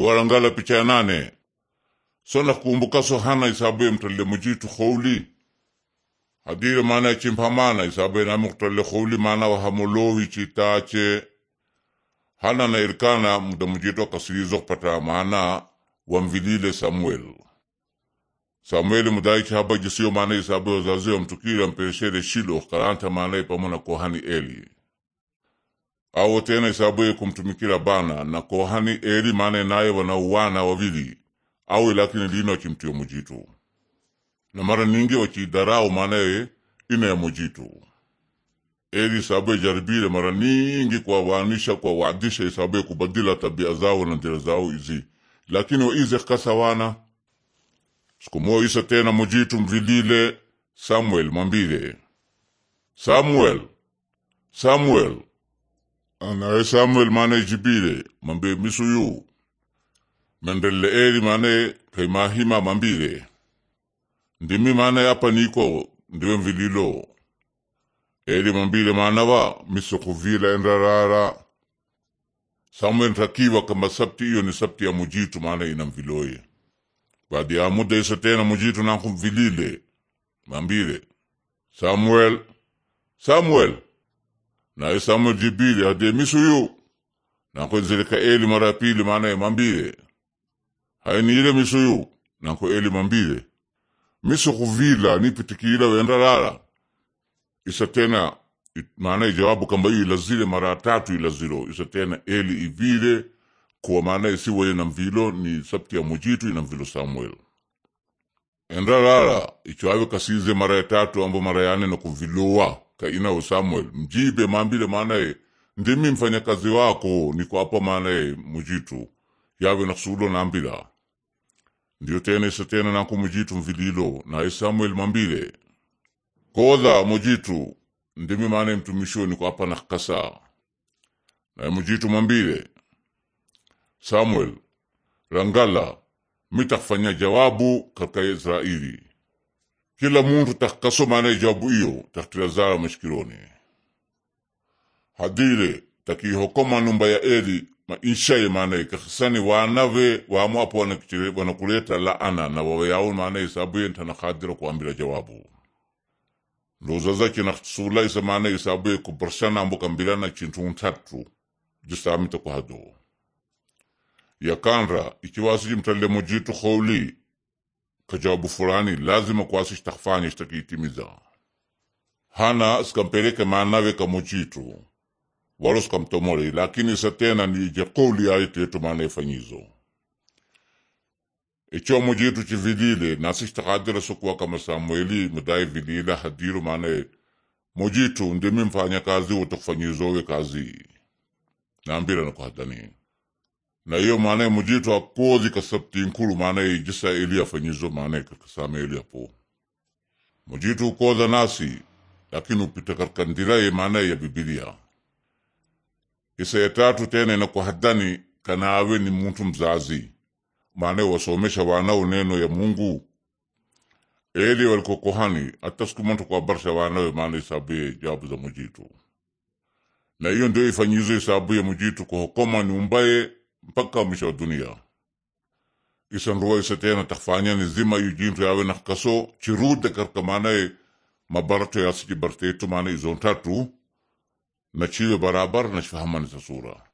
duwarangala picha nane sona kumbukaso hana isabuye mtalle mujitu khouli hadire mana chimphamana isabuye nami kutalile khouli mana hamulohi chitache hana na irkana muda mujitu akasirizo kupata mana wamvilile samuel samueli mudaichi haba jisiyo mana isabuye wazazi wamtukira mpereshere shilo karanta mana ipamona kohani eli au tena isabuye kumtumikila bana na kohani eli mane naye wanauwana wawili au lakini lino chimtio mujitu na mara nyingi wachidarau manaye ina ya mujitu eli isabuye jaribile mara nyingi kuwawanisha kuwawadisha isabuye kubadila tabia zao na ndira zao izi lakini waize kasa wana siku moja isa tena mujitu mvilile samuel Samuel samuel samuel naye samuel mane jibile mambie misuyu mendele eri mane peimahima mambile ndimi mane apaniko ndiwe mvililo eli mambile manawa miso kuvila endarara samuel takiwa kama sabti iyo ni sabti ya mujitu mane inamviloye baadi ya muda isa tena mujitu nakumvilile mambile samuel samuel na isama jibili hadi misuyu nanko nzileka eli mara ya pili maana mambile haini ile misuyu nanko eli mambile misu kuvila wenda lala isa tena maana jawabu kamba yu ilazile mara tatu ilazilo isa tena eli ivile kuwa maana siwa ya namvilo ni sabti ya mujitu ina mvilo Samuel lala ichoawe kasize mara ya tatu ambo mara ane na kuvilowa ka Samuel mjibe mambile maanaye ndimi mfanyakazi wako nikuapa maanaye mujitu yawe nakusudo nambila ndiyo tena isa tena naku mujitu mvililo naye Samuel mambile kodha mujitu ndimi maanaye mtumishio nikuapa nakasa naye mujitu mambile Samuel rangala mitakufanya jawabu katika Israeli kila muntu takasomana ijabu iyo taktilazaa mashikironi hadire takihokoma numba ya eli mainshaye manaye kakisani wanave wamo apo wanakuleta laana na wawayaun manaye isabuyentana khadira kuambila jawabu ndozazaki nakhsulaisa manaye isabuye kubarshana ambo kambilana chintu ntatu jisamita kuhado yakanra ikiwasiji mtalile mujitu khouli kajawabu fulani lazima kwasi takfanya shtakiitimiza hana sikampeleke manawe kamuchitu walo sikamtomole lakini sa tena nije qawli ayitetu maana ifanyizo icho mujitu chivilile nasi shtakadira sukuwa kama samueli mudai vilila hadiru maana mujitu ndimi mfanya kazi wotokufanyizowe kazi nambira nakuhadani na hiyo maanaye mujitu akozi kasabti nkulu maanaye jisa eliya fanyizo maanaye katkasama eliya po mujitu ukoza nasi lakini upita katika ndiraye maanaye ya bibilia isa ya tatu tena inakuhadani kanaawe ni muntu mzazi maanaye wasomesha wanao neno ya mungu eli waliko kohani hata siku muntu kuabarisha wanawe maana isabuye jawabu za mujitu na hiyo ndio ifanyizo isabuye mujitu kuhokoma ni umbaye mpaka mwisho wa dunia isanruwaise tena takfanya nizima yujinto yawe na nakaso chirude karka manaye mabarato yasiji bartetu mana izontatu nachiwe barabar nashfahamani tasura